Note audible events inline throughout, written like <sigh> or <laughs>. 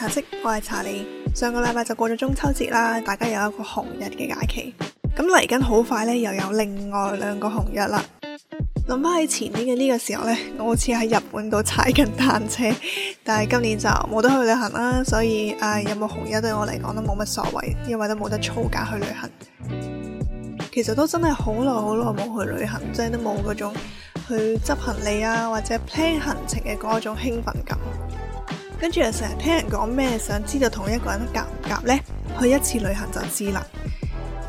茶嘖，我係查理。上個禮拜就過咗中秋節啦，大家有一個紅日嘅假期。咁嚟緊好快呢，又有另外兩個紅日啦。諗翻喺前年嘅呢個時候呢，我好似喺日本度踩緊單車，但係今年就冇得去旅行啦，所以誒、哎、有冇紅日對我嚟講都冇乜所謂，因為都冇得操假去旅行。其實都真係好耐好耐冇去旅行，真係都冇嗰種去執行李啊，或者 plan 行程嘅嗰種興奮感。跟住又成日聽人講咩，想知道同一個人夾唔夾呢？去一次旅行就知啦。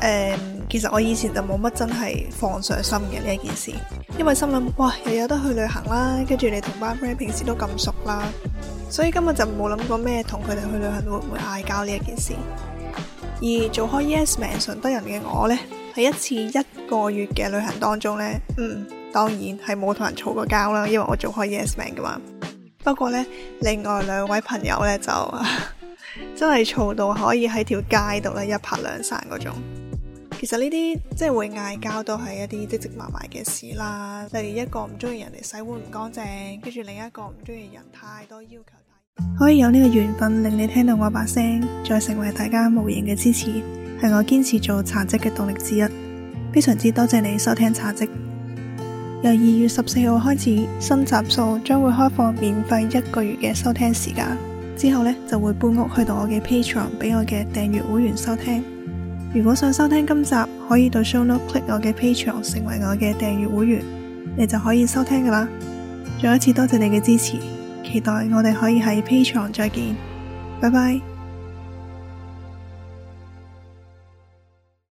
誒、嗯，其實我以前就冇乜真係放上心嘅呢一件事，因為心諗，哇，又有得去旅行啦。跟住你同班 friend 平時都咁熟啦，所以今日就冇諗過咩同佢哋去旅行會唔會嗌交，呢一件事。而做開 yes man 順得人嘅我呢，喺一次一個月嘅旅行當中呢，嗯，當然係冇同人吵過交啦，因為我做開 yes man 嘅嘛。不過呢，另外兩位朋友呢，就 <laughs> 真係嘈到可以喺條街度咧一拍兩散嗰種。其實呢啲即係會嗌交都係一啲積積埋埋嘅事啦。例如一個唔中意人哋洗碗唔乾淨，跟住另一個唔中意人太多要求大。可以有呢個緣分令你聽到我把聲，再成為大家無形嘅支持，係我堅持做茶嘖嘅動力之一。非常之多謝你收聽茶嘖。由二月十四號開始，新集數將會開放免費一個月嘅收聽時間，之後呢，就會搬屋去到我嘅 Patreon 俾我嘅訂閱會員收聽。如果想收聽今集，可以到 show note click 我嘅 Patreon 成為我嘅訂閱會員，你就可以收聽噶啦。再一次多謝你嘅支持，期待我哋可以喺 Patreon 再見，拜拜。